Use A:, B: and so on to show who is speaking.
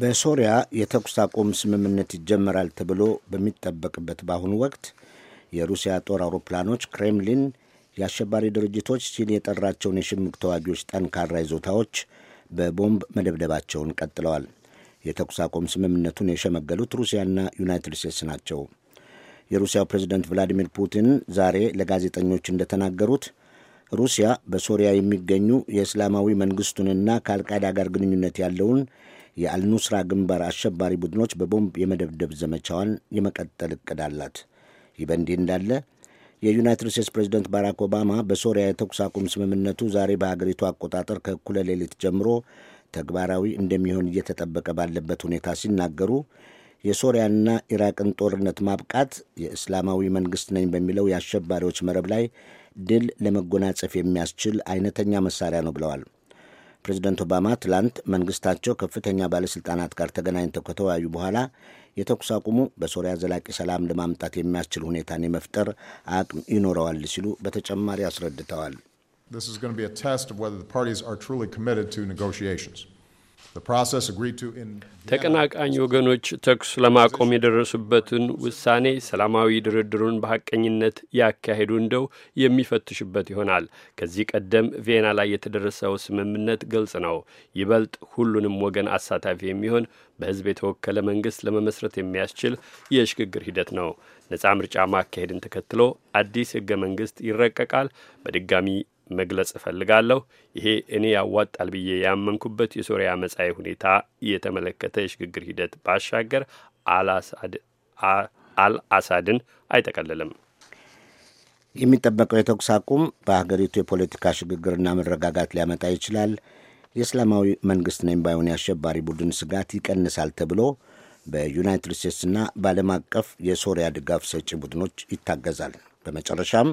A: በሶሪያ የተኩስ አቁም ስምምነት ይጀመራል ተብሎ በሚጠበቅበት በአሁኑ ወቅት የሩሲያ ጦር አውሮፕላኖች ክሬምሊን የአሸባሪ ድርጅቶች ሲል የጠራቸውን የሽምቅ ተዋጊዎች ጠንካራ ይዞታዎች በቦምብ መደብደባቸውን ቀጥለዋል። የተኩስ አቁም ስምምነቱን የሸመገሉት ሩሲያና ዩናይትድ ስቴትስ ናቸው። የሩሲያው ፕሬዝደንት ቭላዲሚር ፑቲን ዛሬ ለጋዜጠኞች እንደተናገሩት ሩሲያ በሶሪያ የሚገኙ የእስላማዊ መንግሥቱንና ከአልቃይዳ ጋር ግንኙነት ያለውን የአልኑስራ ግንባር አሸባሪ ቡድኖች በቦምብ የመደብደብ ዘመቻዋን የመቀጠል እቅድ አላት። ይህ በእንዲህ እንዳለ የዩናይትድ ስቴትስ ፕሬዚደንት ባራክ ኦባማ በሶሪያ የተኩስ አቁም ስምምነቱ ዛሬ በሀገሪቱ አቆጣጠር ከእኩለ ሌሊት ጀምሮ ተግባራዊ እንደሚሆን እየተጠበቀ ባለበት ሁኔታ ሲናገሩ የሶሪያና ኢራቅን ጦርነት ማብቃት የእስላማዊ መንግስት ነኝ በሚለው የአሸባሪዎች መረብ ላይ ድል ለመጎናጸፍ የሚያስችል አይነተኛ መሳሪያ ነው ብለዋል። ፕሬዚደንት ኦባማ ትላንት መንግስታቸው ከፍተኛ ባለሥልጣናት ጋር ተገናኝተው ከተወያዩ በኋላ የተኩስ አቁሙ በሶሪያ ዘላቂ ሰላም ለማምጣት የሚያስችል ሁኔታን የመፍጠር አቅም ይኖረዋል ሲሉ በተጨማሪ አስረድተዋል።
B: ተቀናቃኝ ወገኖች ተኩስ ለማቆም የደረሱበትን ውሳኔ ሰላማዊ ድርድሩን በሐቀኝነት ያካሄዱ እንደው የሚፈትሽበት ይሆናል። ከዚህ ቀደም ቪየና ላይ የተደረሰው ስምምነት ግልጽ ነው። ይበልጥ ሁሉንም ወገን አሳታፊ የሚሆን በሕዝብ የተወከለ መንግስት ለመመስረት የሚያስችል የሽግግር ሂደት ነው። ነጻ ምርጫ ማካሄድን ተከትሎ አዲስ ሕገ መንግስት ይረቀቃል። በድጋሚ መግለጽ እፈልጋለሁ። ይሄ እኔ ያዋጣል ብዬ ያመንኩበት የሶሪያ መጻኤ ሁኔታ የተመለከተ የሽግግር ሂደት ባሻገር አልአሳድን አይጠቀልልም።
A: የሚጠበቀው የተኩስ አቁም በሀገሪቱ የፖለቲካ ሽግግርና መረጋጋት ሊያመጣ ይችላል። የእስላማዊ መንግሥት ነኝ ባዩን የአሸባሪ ቡድን ስጋት ይቀንሳል ተብሎ በዩናይትድ ስቴትስና በዓለም አቀፍ የሶሪያ ድጋፍ ሰጪ ቡድኖች ይታገዛል። በመጨረሻም